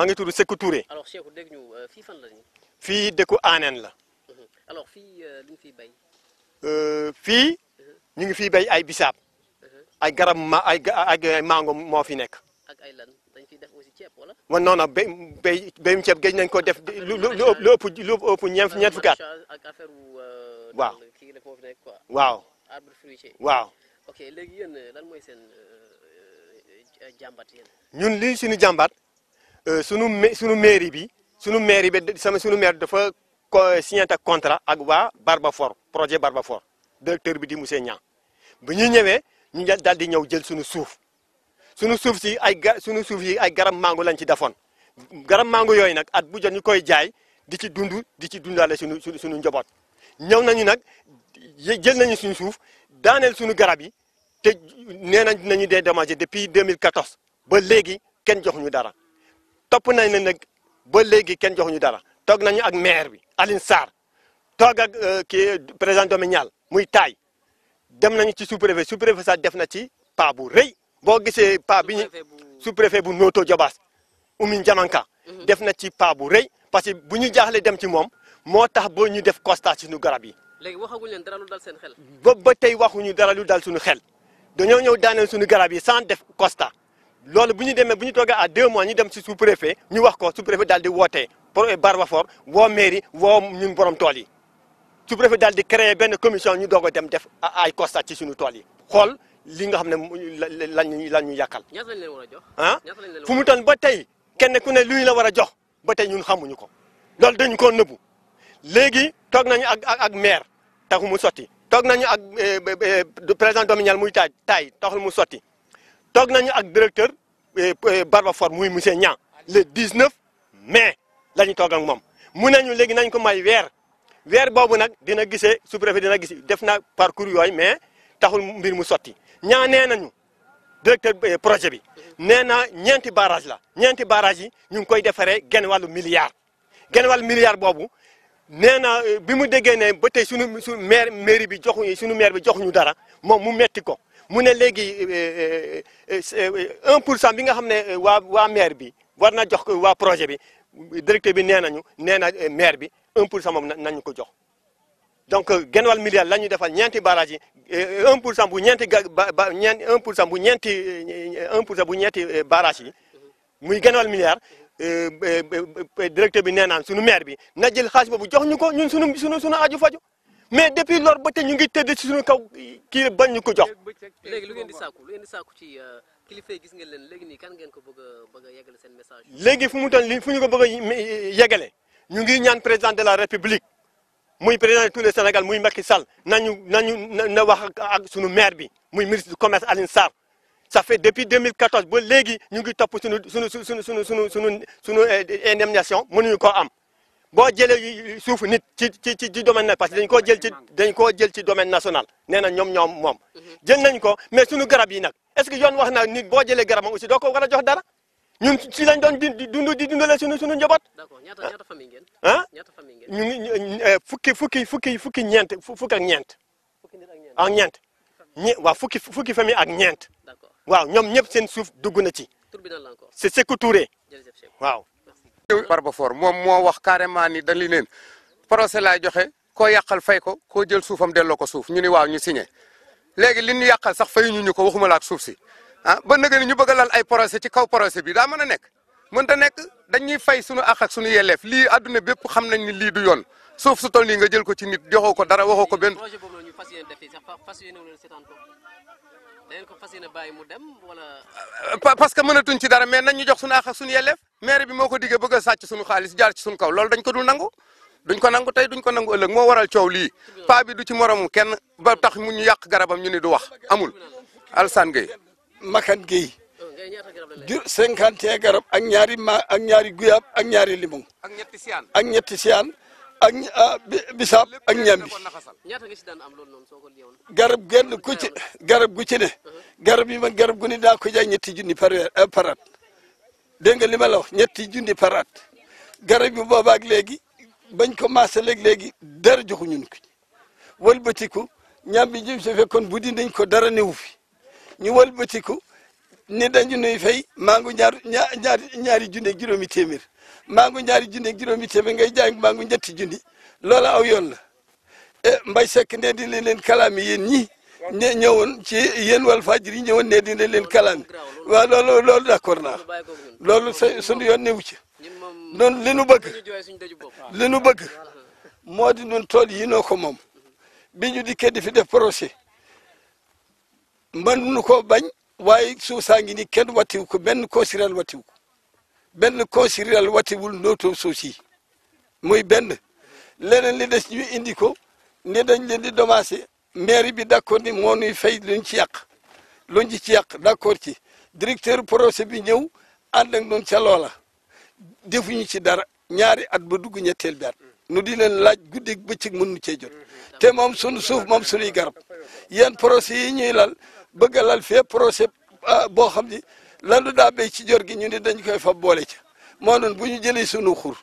maa ngi tudd Sékou Touré. alors Sékou dégg euh, fii fan la ñu. fii dëkku Aaneen la. Mhm. alors fii lu euh, ñu fiy bay. Euh, fii mhm. ñu ngi fiy bay ay bisaab. Mhm. ay garab ma ay ay mango moo fi nekk. ak ay lan dañ fiy def aussi ceeb wala. waaw non non bay bay bayum ceeb géej nañ ko def lu lu lu ëpp lu ëpp ñeent ñeent fukki at. ak affaire waaw kii la foofu nekk quoi. waaw arbre waaw ok léegi yéen lan mooy seen jàmbat yéen. Euh, sunu ma sunu mairie bi sunu mairie bi sama sunu maire dafa signé ak contrat ak waa Barbafor projet Barbafor directeur bi di monsieur ñaa bu ñuy ñëwee ñu daal di ñëw jël sunu suuf sunu suuf si ay ga sunu suuf yi ay garab mango lañ ci defoon garab mango yooyu nag at bu ñu koy jaay di ci dundu di ci dundaale sunu sunu sunu njaboot ñëw nañu nag jël nañu suñu suuf daaneel sunu garab yi te nee nañ dinañu dédommager depuis 2014 ba léegi kenn joxuñu dara. topp nañ leen nag ba léegi kenn joxuñu dara toog nañu ak maire bi Alioune Sarr toog ak euh, kii président domanial muy taay dem nañu ci sous-préfet sous-préfet sax def na ci pa bu rëy boo gisee pa bi ñu sous-préfet bu Noto Jobaas Oumy Jamanka mhm. def na ci pa bu rey parce que bu ñu jaaxle dem ci moom moo tax ba ñu def constat ci nu garab yi. léegi waxaguñ leen dara lu dal seen xel. ba ba tey waxuñu dara lu dal suñu xel dañoo ñëw daaneel suñu garab yi sant def constat. loolu bu ñu demee bu ñu toogee à deux mois ñu dem si sous-préfet ñu wax ko sous-préfet daal di wootee pour eh, Barbafort woo mairie woo ñun borom tool yi sous-préfet daal di créer benn commission ñu doog a dem def ay constat ci suñu tool yi xool li nga xam ne lañu lan ñu yàqal ah fu mu toll ba tey kenn ku ne lu ñu la war a jox ba tey ñun xamuñu ko loolu dañu ko nëbbu léegi toog nañu ak ak ak maire taxu mu sotti toog nañu ak eh, eh, président domanial muy taaj taay taxul mu sotti toog nañu ak directeur eh, eh, Barbafor muy monsieur ñaa le 19 mai la ñu toog ak moom mu nañu léegi nañ ko may weer weer boobu nag dina gisee sous-préfet dina gis def naa parcours yooyu mais taxul mbir mu sotti ñaa nee nañu directeur eh, projet bi nee na ñeenti barrage la ñeenti barrage yi ñu ngi koy defaree genn wàllu milliard genn wàllu milliard boobu nee na bi mu déggee ne ba tey sunu su maire mairie bi joxuñu sunu maire bi joxuñu dara moom mu metti ko mu ne léegi euh, euh, euh, un pour cent bi nga xam ne waa waa maire bi war na jox waa projet bi directeur bi nee nañu nee na maire bi un pour cent moom nañu ko jox donc genn wàll milliard la ñu defal ñeenti barrage yi un pour cent bu ñeenti ga ba ñeent un pour cent bu ñeenti un bu ñeenti barrage yi muy genn wàll milliard directeur bi nee naan suñu maire bi na jël xaalis boobu jox ñu ko ñu suñu suñu suñu aju faju mais depuis lor ba tey ñu ngi tëdd ci suñu kaw kii ba ñu ko jox. léegi lu ngeen di sàkku lu ngeen di sàkku ci euh, kilifa yi gis ngeen leen léegi nii kan ngeen ko bëgg a seen message. léegi fu mu toll nii fu ñu ko bëgg a yeggale ñu ngi ñaan président de la république muy président de tous les Sénégal muy Macky sal nañu nañu na wax ak suñu maire bi muy ministre du commerce Alioune Sarr. ça fait depuis 2014 ba léegi ñu ngi topp suñu suñu suñu suñu suñu suñu euh, indemnisation mënuñu koo am. boo jëlee suuf nit ci ci ci domaine na parce que dañ koo jël ci dañ koo jël ci domaine national nee na ñoom ñoom moom mhm. jël nañ ko mais suñu garab yi nag est ce que yoon wax na nit boo jëlee garabam aussi doo ko war a jox dara ñun si lañ doon di dund di dundalee suñu suñu njaboot ah ñu ngi eh, fukki fukki fukki fukki ñeent fukk ak ñeent ak ñeent ñi waaw fukki fukki famille ak ñeent waa ñoom ñëpp seen suuf dugg na ci c'est Sékou Touré waaw Barbafor moom moo wax carrément ni dañu leen procès laay joxe koo yàqal fay ko koo jël suufam delloo ko suuf ñu ni waaw ñu signé léegi li ñu yàqal sax fay ñu ñu ko waxuma la ak suuf si ah ba nag ñu bëgg a lal ay procès ci kaw procès bi daa mën a nekk mënta nekk dañuy fay suñu àq ak suñu yelleef lii adduna bépp xam nañ ni lii du yoon suuf su toll nii nga jël ko ci nit joxoo ko dara waxoo ko benn. parce que mënatuñ ci dara mais nañ ñu jox suñu àq ak yelleef maire bi moo ko diggee bëgg a sàcc suñu xaalis jaar ci suñu kaw loolu dañ ko dul nangu duñ ko nangu tey duñ ko nangu ëllëg moo waral coow lii paa bi du ci moromu kenn ba tax mu ñu yàq am ñu ne du wax amul Alassane Gueye Makan Gueye jur cinquante et un garab ak ñaari ma ak ñaari guyaab ak ñaari limon ak ñetti siyaan ak ñetti siyaan ak ah, bisaab ak ñambi garab genn ku ci garab gu ci ne garab yi man garab gu ni daa ko jaay ñetti junni par weer eh, parat dégg nga li la wax ñetti junni parat garab yi boobaak léegi bañ ko maase léegi léegi dara joxuñu ñu ko walbatiku ñam bi jëm si fekkoon bu di dañ ko dara newu fi ñu walbatiku ni dañu nuy fay mangu ñaar ñaar ñaari junni ak juróomi téeméer ngu ñaari junni ak juróomi téeméer ngay jaay mangu ñetti junni loola aw yoon la eh, mbay sekk ne di leen leen kalaami ñe ñëwoon ci yéen Walfadjri ñëwoon ne dina leen kalaame waaw loolu loolu d'accord naa loolu sa suñu yoon newu ci noonu li nu bëgg li nu bëgg moo di nun tool yi noo ko moom bi ñu dikkee di fi def projet mën nu ko bañ waaye suuf saa ngi ni kenn wattiwu ko benn consiral wattiwu ko benn consiral wattiwul nootoo suuf si muy benn leneen li des ñu indi ko ne dañ leen di domager mairie bi d' accord ni moo nuy fay luñ ci yàq luñ ci ci yàq d' accord ci directeur projet bi ñëw ànd ak noonu ca loola defuñu ci dara ñaari at ba dugg ñetteel bi at nu di leen laaj guddi bëccëg mën nu cee jot te moom sunu suuf moom sunuy garab yéen projet yi ñuy lal bëgg a lal fee projet ah, boo xam ni lanu daa béy ci jor gi ñu ni dañ koy fa boole ca moo noon bu ñu jëlee sunu xur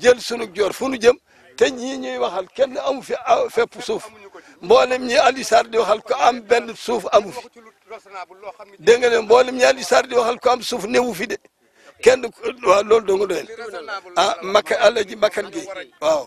jël sunu jor fu nu jëm te ñii ñuy waxal kenn amu fi ah, fepp suuf mboolem ñi Aliou Sarr di waxal am benn suuf amu fi dégg nga ne mboolem ñi Aliou Sarr di waxal ko am suuf newu fi de kenn waaw loolu doo nga doy ah makka àlla ji makkan gi waaw